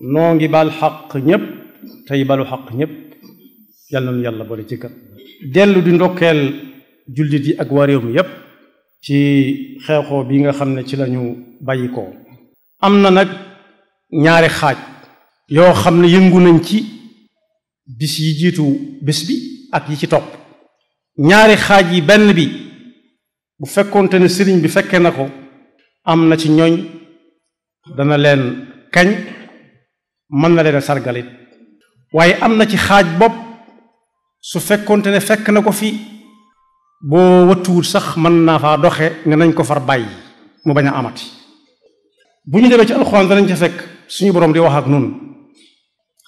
noo ngi bal xaq ñépp tey balu xaq ñépp yal na nu yàlla boole ci kër dellu di ndokkeel jullit yi ak waa yépp ci xeexoo bi nga xam ne ci lañu bàyyi ko am na nag ñaari xaaj yoo xam ne yëngu nañ ci bis yi jiitu bis bi ak yi ci topp ñaari xaaj yi benn bi bu fekkoonte ne sëriñ bi fekke na ko am na ci ñooñ dana leen kañ man na leen a sargalit waaye am na ci xaaj bopp su fekkonte ne fekk na ko fii boo wattuwul sax mën naa faa doxe ne nañ ko far bàyyi mu bañ a amati bu ñu demee ci alxuraan nañ ca fekk suñu borom di wax ak noonu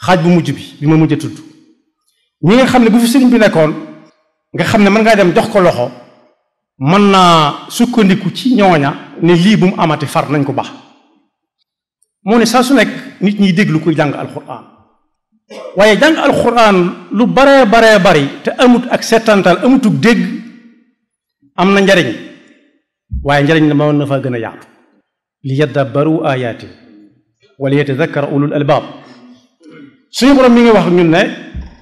xaaj bu mujj bi bi ma mujj tudd ñi nga xam ne bu fi sëriñ bi nekkoon nga xam ne mën ngaa dem jox ko loxo mën naa sukkandiku ci ñooña ne lii bu mu amati far nañ ko baax moo ne saa su nekk nit ñiy déglu koy jàng alxuraan waaye jàng alxuraan lu bare baree bari te amut ak settantal amutug dégg am na njariñ waaye njariñ la mën na faa gën a yaatu li yadabbaru ayaati wala yatadakkara ulul albaab ñun ne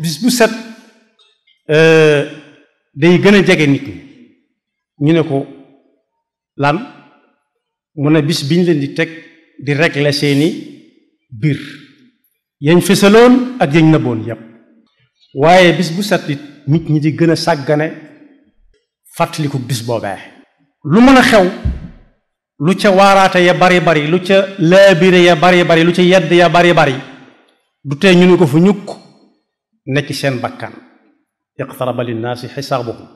bis bu set eh, day gën a jege nit ñi ñu ne ko lan mu ne bis biñ leen di teg di régler seeni biir yañ fësaloon ak yañ nëbboon yépp waaye bis bu set it nit ñi di gën a sàggane fàttaliku bis boobee lu mën a xew lu ca waraate ya bari bari lu ca laabire ya bari bari lu ca yedd ya bari bari du tee ñu ni ko fu ñukk nekk seen bakkan iqtaraba linnaasi xisaabuhum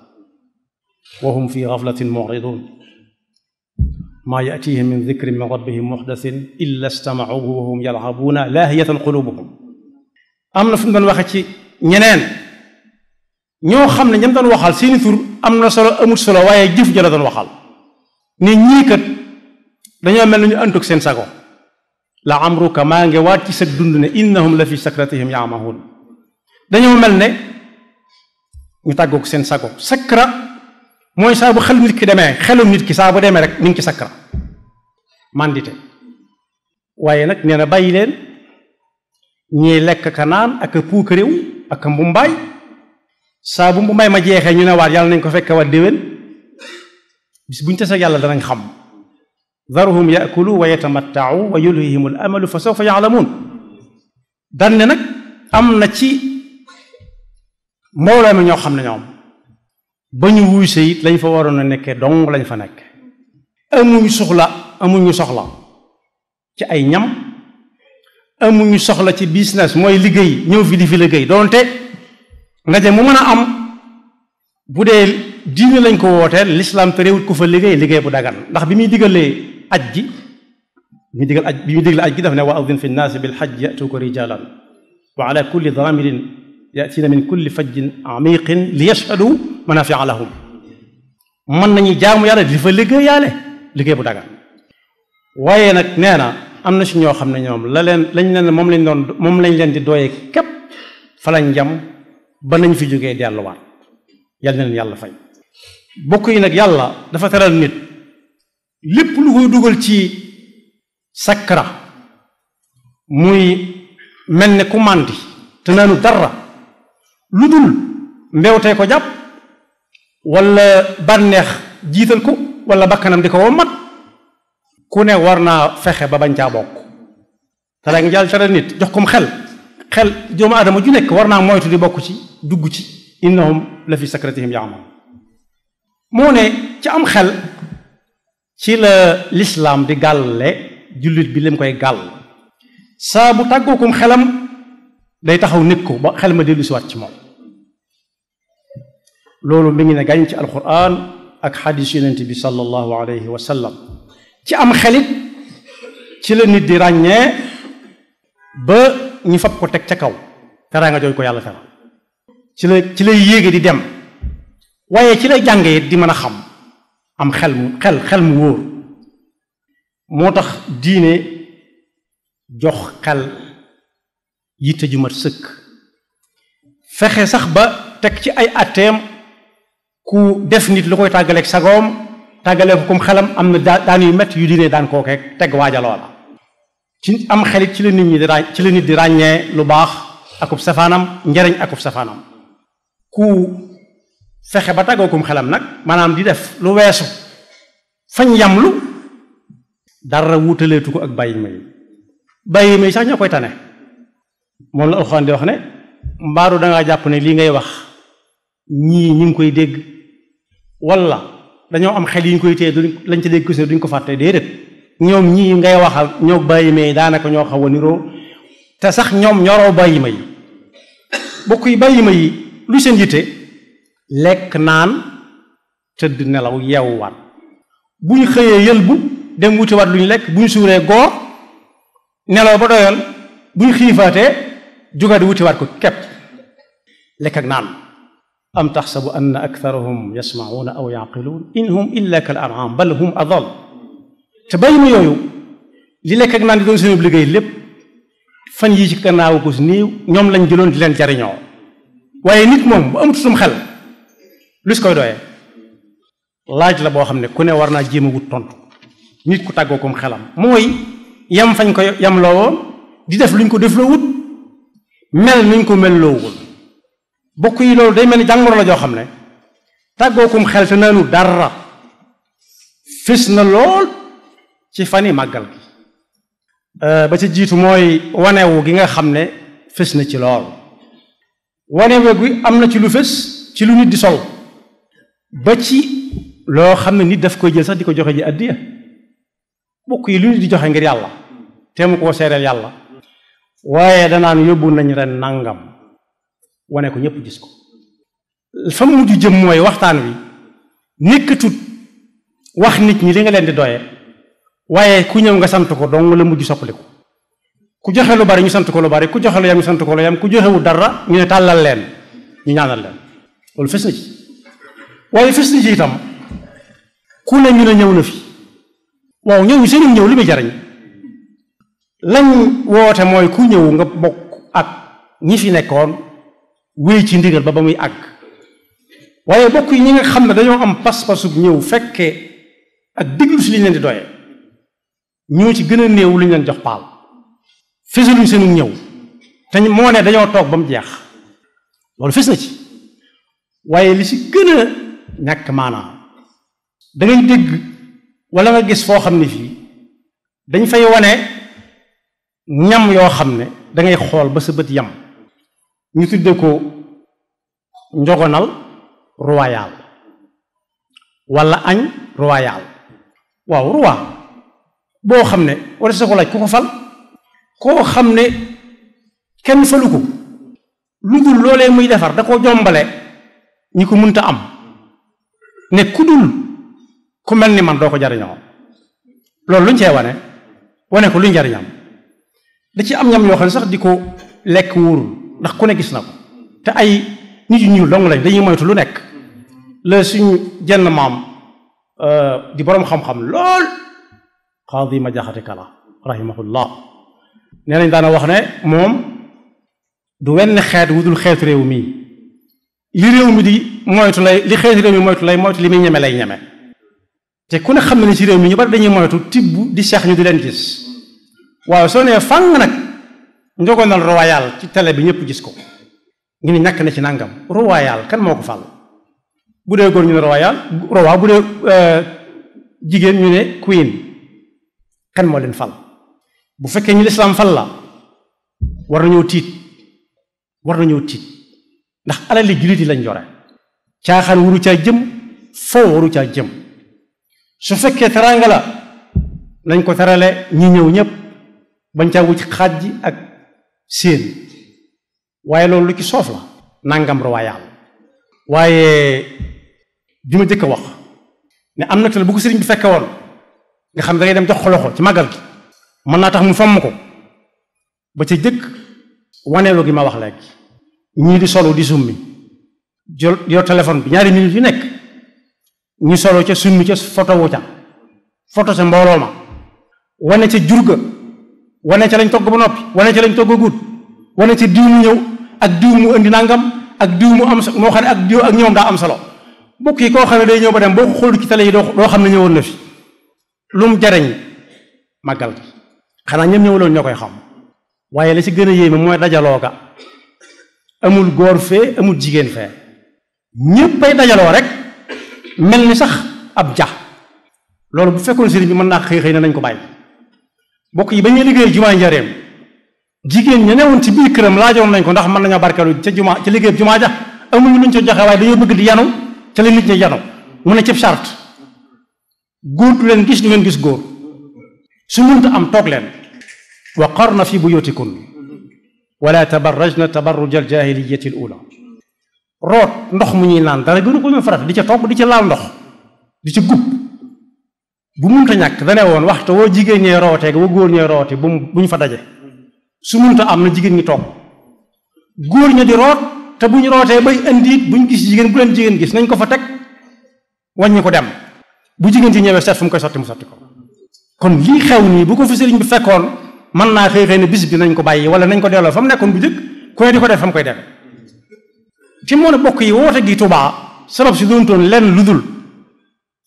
wa fi gaflatin muridun maa yatihim min dicrin min rabbihim muxdasin illa stamauhu wa hum yalxabuuna laahiyatan qulubuhum am na fu mu doon waxe ci ñeneen ñoo xam ne ñam doon waxal seeni tur am na solo amut solo waaye jëf ja la doon waxal ne ñii kat dañoo mel nañu antug seen sago la amruka maa nge waat ci sa dund ne innahum la fi sakratihim yaamahuun dañoo mel ne ñu tàggoog seen sago sakra mooy saa bu xel nit ki demee xelum nit ki saa bu demee rek mi ngi ci sakkara màndite waaye nag nee na bàyyi leen ñiy lekk ka naan ak a puukaréew ak a mbumbaay saabu bu mbumbaay ma jeexee ñu ne waat yàlla nañ ko fekkee waat déwén bis buñ tase yàlla danañ xam daruhum yakulu wa yatamattaau wa yulhihim al amalu fa sawfa yaalamuun danne nag am na ci mbooloo mi ñoo xam ne ñoom ba ñu wuy sa it lañ fa waroon a nekkee dong lañu fa nekk amuñu soxla amuñu soxla ci ay ñam amuñu soxla ci business mooy liggéey ñëw fi di fi liggéey donte ndaje mu mën a am bu dee diine lañ ko wootee lislaam te réewut ku fa liggéey liggéey bu dagan ndax bi muy diggalee aj gi bi muy diggal aj bi ne waa adin fi nnaasi bil xaj ko rijalan wa ala kulli daamirin yatiina min kulli fajjin amiqin li yashhadu manafi'a lahum mën nañu jaamu yàlla di fa liggéey yàlla liggéey bu dagan waaye nag nee na am na si ñoo xam ne ñoom la leen lañ leen moom lañ doon moom lañ leen di dooyee képp fa jam ba nañ fi jógee delluwaat yal na leen yàlla fay bokk yi nag yàlla dafa teral nit lépp lu koy dugal ci sakkara muy mel ne ku màndi te naanu dara lu dul mbeewtee ko jàpp wala bànneex jiital ko wala bakkanam di ko wommat ku ne war naa fexe ba bañ caa bokk te léegi jàll tere nit jox kom xel xel doomu aadama ju nekk war naa moytu di bokk ci dugg ci innahum la fi sakratihim ya'mal moo ne ci am xel ci la lislaam di gàlle jullit bi lim koy gàll saa tàggoo tàggookum xelam day taxaw nekk ko ba xel ma dellusiwaat ci moom loolu mi ngi ne gàñ ci alquran ak xadis yonent bi sallallahu alayhi wa sallam ci am xelit ci la nit di ràññee ba ñu fab ko teg ca kaw teraanga jooju ko yàlla tera ci la ci lay yéege di dem waaye ci lay jàngee di mën a xam am xel xel xel mu wóor moo tax diine jox xel yitte ju mat sëkk fexe sax ba teg ci ay atteem ku def nit lu koy tàggaleek sagoom tàggalee ko xelam am na daan yu métti yu diine daan kookeeg teg waaja loola ci am xelit ci la nit ñi di ci la di ràññee lu baax akub safaanam njariñ akub safaanam ku fexe ba tàggoo kom xelam nag maanaam di def lu weesu fañ yamlu dara wutaleetu ko ak bàyyi may bàyyi may sax ñoo koy tane moom la alxuraan di wax ne mbaaru da jàpp ne lii ngay wax ñii ñi ngi koy dégg wala dañoo am xel yi ñu koy téye duñ lañ ci dégg gis duñ ko fàtte déedéet ñoom ñii ngay waxal ñoo bàyyi may daanaka ñoo xaw a niroo te sax ñoom ñoroo bàyyi may bokk yi bàyyi may yi lu seen yitte lekk naan tëdd nelaw yeewuwaat bu ñu xëyee yëlbu dem wutiwaat lu ñu lekk bu suuree góor nelaw ba doyal bu ñu xiifaatee jugaat wutiwaat ko képp lekk ak naan am taxsabu anna aktharahum yasma'uuna aw yaqiluun in hum illa kal an'aam bal hum adall te bàyyi ma yooyu li lekk ak naan di doon seen liggéey lépp fan yii ci gannaaw ko si néew ñoom lañ jëloon di leen jariñoo waaye nit moom bu amatutum xel lu si koy doyee laaj la boo xam ne ku ne war naa jéem a wut tontu nit ku tàggoo kom xelam mooy yam fañ ko yam loo woon di def luñ ko def loo wut mel nuñ ko mel loo wul bokk yi loolu day mel ni jàngoro la joo xam ne tàggookum xel te naanu dara fis na lool ci fani màggal gi euh, ba ci jiitu mooy wanewu gi nga xam ne fis na ci lool wanewu gi am na ci lu fis ci lu nit di sol ba ci loo xam ne nit daf koy jël sax di ko joxe ji addiya bokk yi lu nit di joxe ngir yàlla te mu koo seereel yàlla waaye danaan yóbbu nañ ren nàngam wane ko ñëpp gis ko fa mu mujj jëm mooy waxtaan wi nekkatut wax nit ñi li nga leen di doye waaye ku ñëw nga sant ko dong la mujj soppaliku ku joxe lu bari ñu sant ko lu bari ku joxe lu yam ñu sant ko lu yam ku joxewu dara ñu ne tàllal leen ñu ñaanal leen loolu fes ku ne ñu ne ñëw na fi waaw ñëw seen ñëw li muy jariñ lañ woote mooy ku ñëw nga bokk ak ñi fi nekkoon wéy ci ndigal ba ba muy àgg waaye bokk yi ñi nga xam ne dañoo am pas-pasub ñëw fekkee ak diglu si li ñu leen di doyee ñoo ci gën a néew lu ñu leen jox paal fésaluñ seenu ñëw te moo ne dañoo toog ba mu jeex loolu fés na ci waaye li si gën a ñàkk maanaam da ngay dégg walla nga gis foo xam ne fii dañ fay wane ñam yoo xam ne da ngay xool ba sa bët yam ñu tudde ko njogonal royal wala añ royal waaw roi boo xam ne wala sa ko laaj ku ko fal koo xam ne kenn falu ko lu dul loolee muy defar da ko jombale ñi ko mënta am ne ku ku mel ni man doo ko jariñoo loolu luñ cee wane wane ko luñ jariñam da ci am ñam yoo xam sax di ko lekk wóorul ndax ku ne gis na ko te ay nit ñu ñuul dong dañuy moytu lu nekk la suñu jenn maam euh, di boroom xam-xam lool xaadi ma jaxate kala rahimahullah nee nañ daana wax ne moom du wenn xeet wudul xeetu réew mii li réew mi di moytu lay li xeetu réew mi moytu lay moytu li muy ñeme lay ñeme te ku ne xam ne ni ci réew mi ñu bari dañuy moytu tibb di seex ñu di leen gis waaye soo nee fàng nag njogonal royal ci télé bi ñëpp gis ko ñu ne ñàkk na ci nangam royal kan moo ko fal bu dee góor ñu ne royal rowa bu dee euh, jigéen ñu ne queen kan moo leen fal bu fekkee ñu lislaam fal la war nañoo tiit war na nañoo tiit ndax alali jullit yi lañ yore caaxaan waru caa jëm foo waru caa jëm su fekkee teraanga la nañ ko terale ñi ñëw ñëpp bañ caa wuc xaaj ji ak séen waaye loolu lu ci soof la nangam rawaayal waaye bi ma jëkk a wax ne am na te bu ko bi fekke woon nga xam ne dem jox ko loxo ci màggal gi mën naa tax mu fomm ko ba ca jëkk waneelu gi ma wax léegi ñii di solo di summi jël yor téléphone bi ñaari minutes yu nekk ñu solo ca summi ca foto wu foto sa mbooloo ma wane ca jurga wane ca lañ togg ba noppi wane ca lañ togg a guut wane ca diw mu ñëw ak diw mu indi nangam ak diw mu am moo xam ne ak diw ak ñoom daa am solo mbokk yi koo xam ne day ñëw ba dem boo ko ci tale yi doo doo xam ne ñëwoon na fi lu mu màggal gi xanaa ñoom ñëwuloon ñoo koy xam waaye la ci gën a yéeme mooy dajaloo ga góor fee amul jigéen fee ñéppay dajaloo rek mel ni sax ab ja loolu bu fekkoon sëriñ bi mën naa xëy xëy na nañ ko bàyyi bokk yi ba ñuy liggéey jumaa njareem jigéen ña newoon ci biir këram laajoon nañ ko ndax mën nañoo barkeelu ca jumaa ca liggéey jumaa ja amuñu luñ ca joxe waaye dañoo bëgg di yanu ca la nit ñi yanu mu ne cib charte góor du leen gis du ngeen gis góor su mënta am toog leen wa qarna fi buyutikun wala tabarrajna tabarruj al jahiliyati al root ndox mu ñuy naan dara gënu ko ñu farat di ca togg di ca laal ndox di ca gub bu munta ñàkk dane woon waxtu woo jigéen ñee rootee woo góor ñee rooti bu bu ñu fa daje su munta am na jigéen ñi toog góor ñee di te bu ñu rootee ba indi it bu ñu gis jigéen bu leen jigéen gis nañ ko fa teg wàññi ko dem bu jigéen ci ñëwee set fu mu koy sotti mu sotti ko kon lii xew nii bu ko fi sëriñ bi fekkoon mën naa xëy xëy ne bis bi nañ ko bàyyi wala nañ ko delloo fa mu nekkoon bu njëkk ku ne di ko def fa mu koy def fi mu ne bokk yi woo gi Tuubaa sabab si doontoon lenn lu dul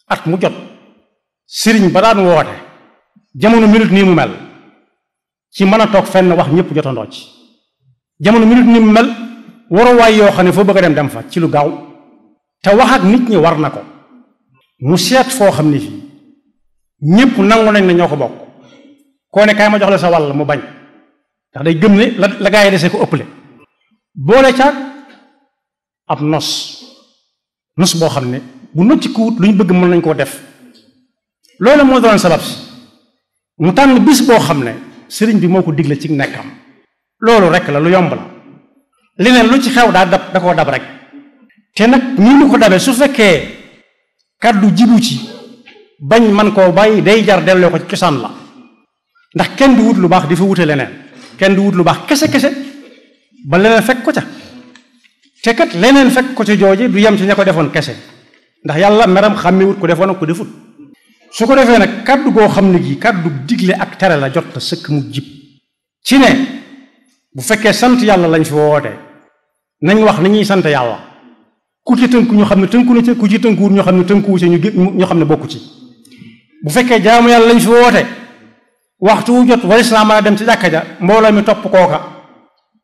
at mu jot sëriñ ba daan woote jamono minute nii mu mel ci mën a toog fenn wax ñëpp jotandoo ci jamono minute nii mu mel waruwaay yoo xam ne foo bëgg a dem dem fa ci lu gaaw te waxaat nit ñi war na ko mu seet foo xam ne fii ñëpp nangu nañ ne ñoo ko bokk koo ne kaay ma jox la sa wàll mu bañ ndax day gëm ne la la gaa yi dese ko ëpple boole caag ab nos nos boo xam ne bu nocc ku wut lu ñu bëgg mën nañ koo def loolu moo doon sabab si mu tànn bis boo xam ne sëriñ bi moo ko digle ci nekkam loolu rek la lu yomb la leneen lu ci xew daa dab da koo dab rek te nag ñii mu ko dabee su fekkee kàddu jibu ci bañ man koo bàyyi day jar delloo ko ci la ndax kenn di wut lu baax di fa wute leneen kenn di wut lu baax kese kese ba leneen fekk ko ca te kat leneen fekk ko ca jooje du yem ci ña ko defoon kese ndax yàlla meram xàmmiwut ko defoon ak ko defut su ko defee nag kàddu goo xam ne gi kàddu digle ak tere la jot na sëkk mu jib ci ne bu fekkee sant yàlla lañ fi woote nañu wax nañuy sant yàlla ku ci tënku ñu xam ne tënku na ci ku ci tënkuwul ñu xam ne tënkuwu ci ñu ñu xam ne bokku ci bu fekkee jaamu yàlla lañ fi woote waxtu wu jot walis naa mën a dem ci jàkka ja mbooloo mi topp kooka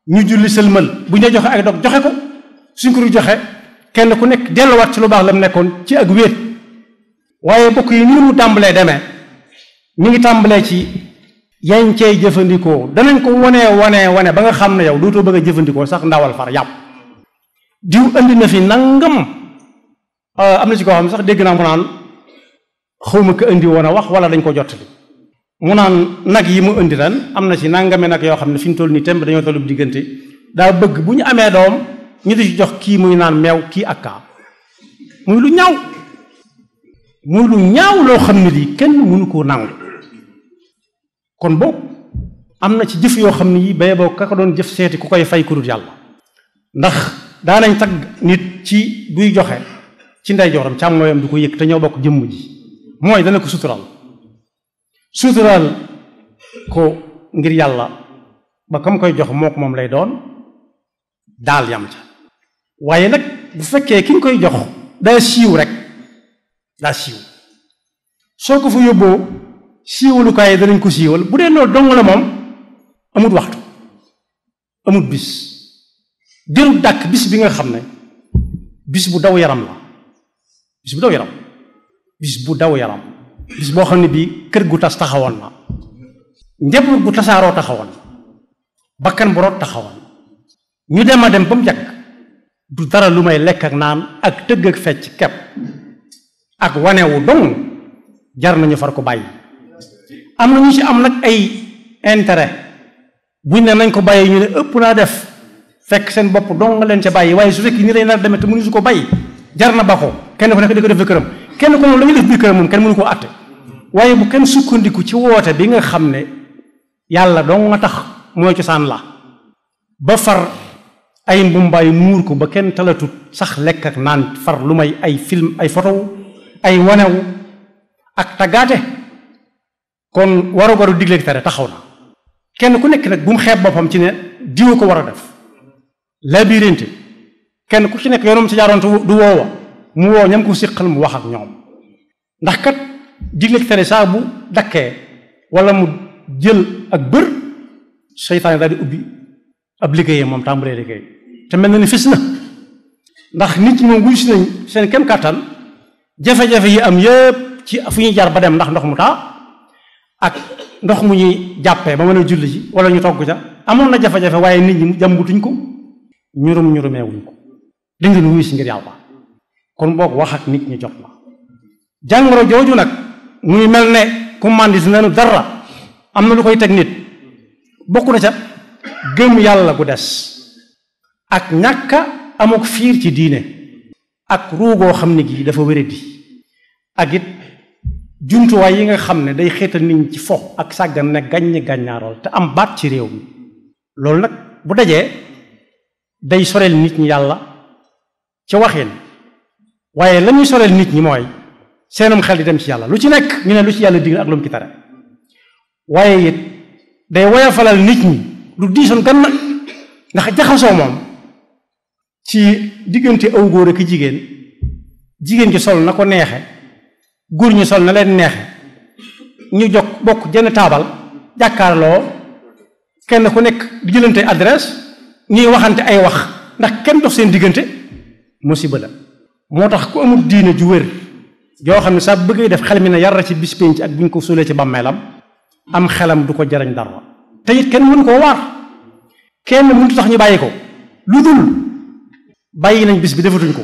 ñu julli sëlmal bu ñu joxe ak dog joxe ko suñ ko du joxe kenn ku nekk delluwaat ci lu baax la mu nekkoon ci ak wéet waaye bokk yi nii mu tàmbalee demee mi ngi tàmbalee ci yañ cey jëfandikoo danañ ko wanee wanee wane ba nga xam ne yow dootoo bëgg a jëfandikoo sax ndawal far yàpp diw andi na fi nangam euh, am na ci koo xam ne sax dégg naa mu naan ma ko indi woon a wax wala dañ ko jottali mu naan nag yi mu indi ren am na ci nangame nag yoo xam ne fi toll nii temb dañoo tollu diggante daa bëgg bu ñu amee doom ñu di ci jox kii muy naan meew kii ak kaa muy lu ñaaw muy lu ñaaw loo xam ne lii kenn mënu koo nangu kon boobu am na ci jëf yoo xam ne yi bay boo ka ko doon jëf seeti ku koy fay ku dul yàlla ndax daanañ tagg nit ci buy joxe ci ndeyjooram càmmooyam du ko yëg te ñoo bokk jëmm ji mooy dana ko suturaal suturaal ko ngir yàlla ba kam koy jox moo ko moom lay doon daal yam ca waaye nag bu fekkee ki koy jox daa siiw rek daa siiw soo ko fa yóbboo siiwalukaay yi danañ ko siiwal bu dee loolu dong la moom amut waxtu amut bis diru dàkk bis bi nga xam ne bis bu daw yaram la bis bu daw yaram bis bu daw yaram bis boo xam ne bii kër gu tas taxawoon na njaboot gu tasaaroo taxawoon bakkan bu taxawoon ñu dem a dem ba mu jàkk du dara lu may lekk ak naan ak tëgg ak fecc kepp ak wanewu dong jar nañu far ko bàyyi am na ñu ci am nag ay intérêt buñ ne nañ ko bàyyi ñu ne ëpp naa def fekk seen bopp dong leen ca bàyyi waaye su fekk nii lay nar demee te mënu su ko bàyyi jar na ba ko kenn ku nekk di ko def këram kenn ku ne la def bi këram moom kenn mënu koo àtte waaye bu kenn sukkandiku ci woote bi nga xam ne yàlla dong nga tax mooy cosaan la ba far ay mbumbaay muur ko ba kenn talatut sax lekk ak naan far lu may ay film ay wanewu ak taggaate kon warugaru digleeg tere taxaw na kenn ku nekk nag bu mu xeeb boppam ci ne diwa ko war a def labirinte kenn ku ci nekk yoonam ci jaaroon du woowa mu woo ñam ko mu wax ak kat digleeg tere saa bu dakkee mu jël ak bër seytaane daal ab liggéeyam moom tàmbalee te mel na ni fis ndax nit ñi moom wuyu si nañ seen kem kàttan jafe-jafe yi am yépp ci fu ñuy jar ba dem ndax ndox mu taa ak ndox mu ñuy jàppee ba ma ne julli ji wala ñu togg ca amoon na jafe-jafe waaye nit ñi jàmbutuñ ko ñurum ñurumeewuñ ko dañ doon wuyu si ngir yàlla kon wax ak nit ñi jot jooju nag muy mel ne ku màndis nanu dara am na lu koy teg nit bokk na ca gëm yàlla gu des ak ñàkka amuk fiir ci diine ak ruugoo xam ne gii dafa wéradi ak it jumtuwaay yi nga xam ne day xeetal nit ñi ci fo ak sàggan ne gàññ gàññaarool te am baat ci réew mi loolu nag bu dajee day soreel nit ñi yàlla ca waxin waaye la ñuy soreel nit ñi mooy seenam xel di dem ci yàlla lu ci nekk ñu ne lu ci yàlla digal ak lu mu ci tere waaye it day woyafalal nit ñi lu diisoon gan nag ndax jaxasoo moom ci diggante aw góor ak jigéen jigéen ji sol na ko neexe góor ñi sol na leen neexe ñu jox bokk jenn taabal jàkkaarloo kenn ku nekk di jëlante adresse ñuy waxante ay wax ndax kenn dox seen diggante musiba la moo tax ku amul diina ju wér joo xam ne saa bëggee def xel mi ne yar ci bis pénc ak bu ñu ko suulee ci bàmmeelam am xelam du ko jariñ dara te it kenn mënu koo waar kenn mënut tax ñu bàyyi ko lu dul bàyyi nañ bis bi defatuñ ko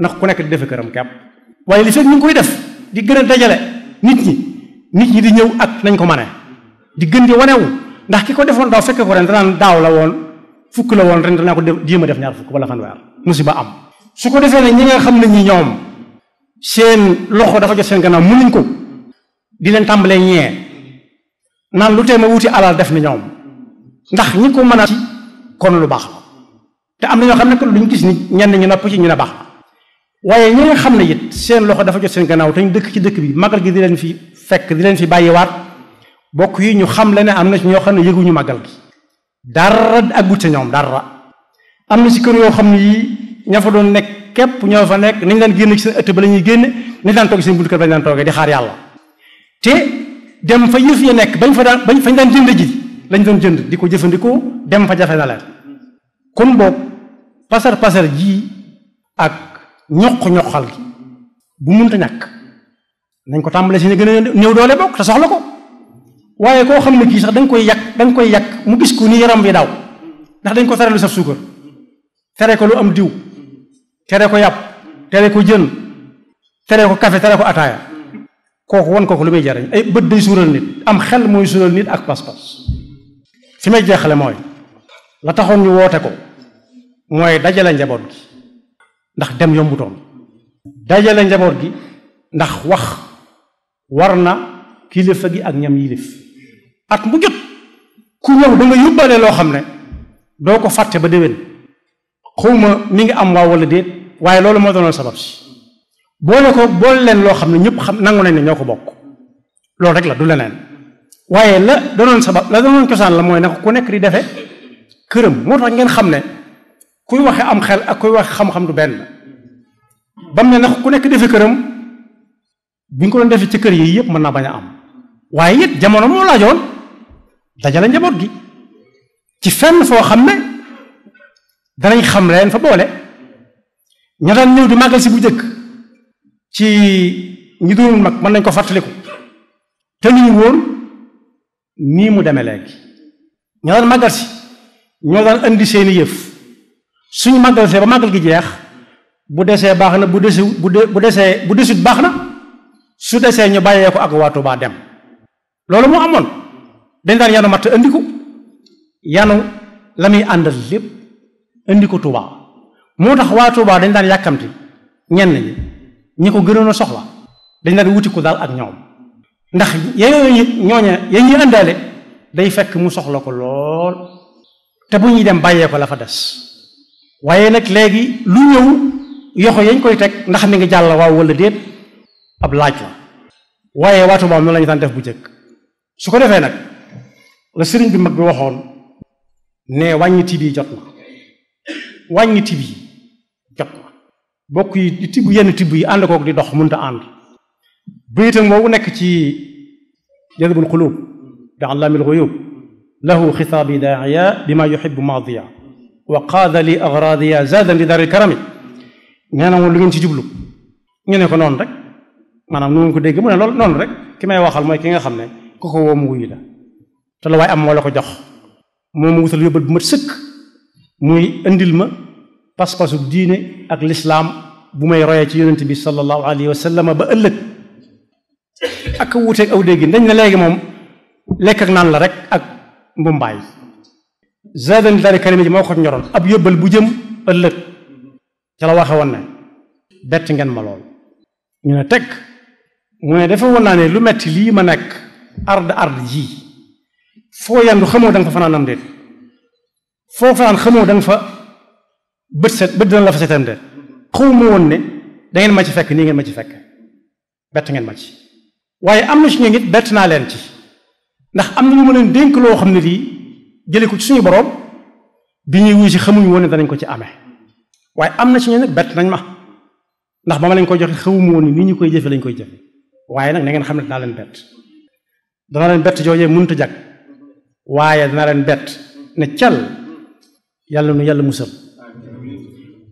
ndax ku nekk di defe këram kepp waaye li fekk ñu koy def di gën a dajale nit ñi nit ñi di ñëw ak nañ ko mane di gën di wanewu ndax ki ko defoon daaw fekke ko ren danaan daaw la woon fukk la woon ren danaa ko jéem a def ñaar fukk wala fanweer musiba am su ko defee ne ñi nga xam ne ñi ñoom seen loxo dafa jot seen gannaaw mënuñ ko di leen tàmbalee ñee naan lu teem a wuti alal def ni ñoom ndax ñi ko mën a ci kon lu baax la te am na ñoo xam ne lu ñu gis ni ñenn ñu nopp ci ñu ne baax waaye ñi nga xam ne it seen loxo dafa jot seen gannaaw te ñu dëkk ci dëkk bi magal gi di leen fi fekk di leen fi waat bokk yi ñu xam le ne am na ci ñoo xam ne yëguñu magal gi ak aggut ca ñoom dara am na si kër yoo xam ne yii ña fa doon nekk képp ñoo fa nekk nañ daan génn ci seen ëtt ba la ñuy génn nañ daan toog seen buntu kër ba ñu daan toogee di xaar yàlla te dem fa yëf ya nekk bañ fa daan bañ fañ daan jënd ji lañ doon jënd di ko jëfandikoo dem fa jafe na leen kon pasar pasar jii ak ñoq ñoqal gi bu munta ñàkk nañ ko tàmbalee si ne gën a néew doole bokk te soxla ko waaye koo xam ne kii sax dañ koy yàq dañ koy yàq mu gis ko ni yaram bi daaw ndax dañ ko tere lu saf suukar tere ko lu am diw tere ko yàpp tere ko jën tere ko café tere ko ataaya kooku won kooku lu muy jariñ ay bët day suural nit am xel mooy suural nit ak pas-pas fi may jeexale mooy la taxoon ñu woote ko mooy dajale njaboot gi ndax dem yombutoon dajale njaboot gi ndax wax war na kilifa gi ak ñam yilif at mu jot ku ñëw da yóbbaale loo xam ne doo ko fàtte ba déwén xawma mi ngi am waaw wala déet waaye loolu moo doonoon sabab si boole ko boole leen loo xam ne ñëpp xam nangu nañ ne ñoo ko bokk loolu rek la du leneen waaye la doonoon sabab la doonoon cosaan la mooy na ko ku nekk di defe këram moo tax ngeen xam ne kuy waxe am xel ak kuy wax xam-xam du benn bam ne nag ku nekk defe këram bu ñu ko doon defee ci kër yi yëpp mën naa bañ a am waaye it jamono moo laajoon dajale njaboot gi ci fenn foo xam ne danañ xam leen fa boole ña daan ñëw di màggal si bu njëkk ci ñi doon mag mën nañ ko fàttaliku te lu ñu woon nii mu demee léegi ña daan màggal ñoo daan indi seeni yëf suñu màggal see ba màggal gi jeex bu desee baax na bu desi bu bu desee bu desut baax na su desee ñu bàyyee ko ak waa Tuubaa dem loolu moo amoon dañ daan yanu matt andi ko yanu la muy àndal lépp andi ko Tuubaa moo tax waa Tuubaa dañ daan yàkkamti ñenn ñi ñi ko gënoon a soxla dañ daan wuti ko daal ak ñoom ndax yooyu ñooña ya ñuy àndaale day fekk mu soxla ko lool te bu ñuy dem bàyyee ko la fa des waaye nag léegi lu ñëw yoxo yañ koy teg ndax mi ngi jàll waaw wala déet ab laaj la waaye waatu moom noonu la ñu daan def bu jëkk su ko defee nag la sëriñ bi mag bi waxoon ne wàññi tib yi jot na wàññi tib yi jot na bokk yi di tibb yenn tibb yi ànd kook di dox mënta ànd baytam boobu nekk ci jadbul xuluub bi allaamil xuyub lahu xitaabi daaya bi ma yuxibu maadiya wa qaada lii agradiya zaadan li daril karami nee na moom lu ngeen ci jublu ñu ne ko noonu rek maanaam nu ko dégg mu ne loolu noonu rek ki may waxal mooy ki nga xam ne ku ko woo mu la te la waaye am moo la ko jox moom mu wutal yóbbal bu mat sëkk muy indil ma pas-pasu diine ak lislaam bu may royee ci yonent bi sallallahu alayhi wa sallam ba ëllëg ak wuuteeg aw dégg dañ ne léegi moom lekk naan la rek ak mbumbaay zaadani daari karima ji moo ko ñoroon ab yóbbal bu jëm ëllëg ca la waxe woon ne bett ngeen ma lool ñu ne teg mu ne dafa woon naa ne lu metti lii ma nekk ard ard ji foo yandu xamoo da nga fa fanaan am foo fanaan xamoo da fa bët set bët dina la fa setam déet xaw ma woon ne da ma ci fekk nii ngeen ma ci fekk bett ngeen ma ci waaye am na ci ñoom it bett naa leen ci ndax am na lu ma leen dénk loo xam ne lii jëlee ko ci suñu boroom bi ñuy wuy si xamuñu woon ne danañ ko ci amee waaye am na ci ñoo nag bett nañ ma ndax ba ma lañ ko joxe xawuma woon ni ñu koy jëfe lañ koy jëfe waaye nag na xam ne dinaa leen bett dana leen bett joojee mënut a jag waaye dana leen bett ne cal yàlla nu yàlla musal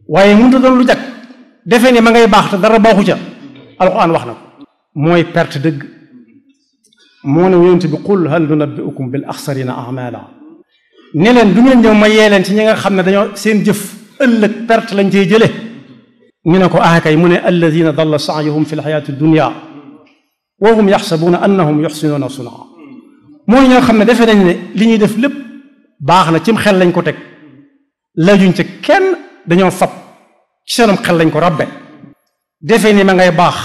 waaye mënut a doon lu jag defe ne ma ngay baax te dara baaxu ca alxuraan wax na ko mooy perte dëgg moo ne yonent bi qul hal nunabbi'ukum bil axsarina amala ne leen du ngeen ñëw ma yee leen ci ñi nga xam ne dañoo seen jëf ëllëg pert lañ cey jële ñu ne ko aakay ah, mu ne alladina dalla saayuhum fi lxayaati dunia wa hum yaxsabuuna annahum yuxsinuuna sunaa mooy ñoo xam ne defee nañ ne li ñuy def lépp baax na cim xel lañ ko teg lajuñ ca kenn dañoo fab ci seenum xel lañ ko rabbe defee ni ma ngay baax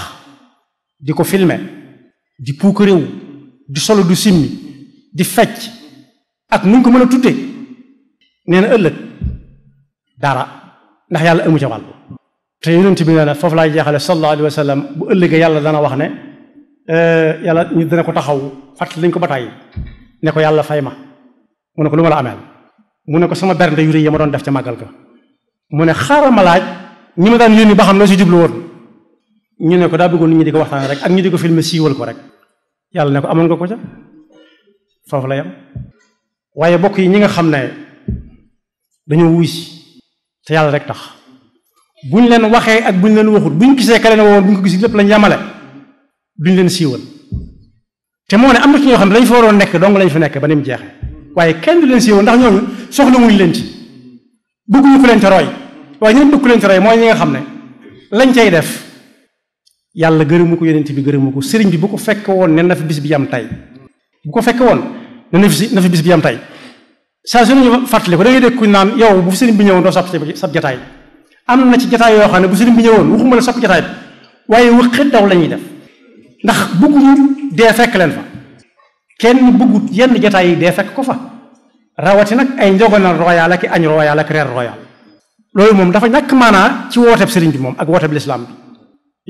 di ko filme di puukaréew di solo du simmi di fecc ak nuñ ko mën a tuddee nee na ëllëg dara ndax yàlla amu ca wàll te yonent bi nee na foofu laay jeexale sallallahu alayhi wa sallam bu ëllëgee yàlla dana wax ne eh, yàlla ñu dana ko taxaw fàttali lañ ko ba tàyyi ne ko yàlla fay ma mu ne ko lu ma la ameel mu ne ko sama bernde yu rëy ya ma doon def ca màggal ga mu ne xaaral ma laaj ñi ma daan yónni ba xam ne si jublu woon ñu ne ko daa bëggoon ñu di ko waxtaan rek ak ñu di ko filmer siiwal ko rek yàlla ne ko amoon nga ko ca la yam waaye bokk yi ñi nga xam ne dañoo wuy si te yàlla rek tax buñ leen waxee ak buñ leen waxut buñ gisee ka leen woon buñ ko gis lépp lañ yamale duñ leen siiwal te moo ne am na ci ñoo xam ne dañ fa waroon nekk dong lañ fi nekk ba ni mu jeexee waaye kenn du leen siiwal ndax ñooñu soxla wuñ leen ci bëgguñu ku leen ca roy waaye ñeneen bëgg ku leen ca roy mooy ñi nga xam ne lañ cay def yàlla gërëmu ko yonent bi gërëmu ko sëriñ bi bu ko fekk woon ne bis bi yam tey bu woon na fi si na fi bis bi am tey saa su ñu fàttali ko da ngay dégg naan yow bu fi sëriñ bi ñëwoon doo sàpp sab jataay am na ci jataay yoo xam ne bu sëriñ bi ñëwoon waxuma la sàpp jataay bi waaye wëqi daw la ñuy def ndax bëgguñu dee fekk leen fa kenn bëggut yenn jataay yi dee fekk ko fa rawati nag ay njogonal royal ak añ royal ak reer royal loolu moom dafa ñakk maanaa ci wooteeb sëriñ bi moom ak wooteeb lislaam bi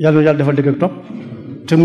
yàlla na yàlla defal dëgg ak topp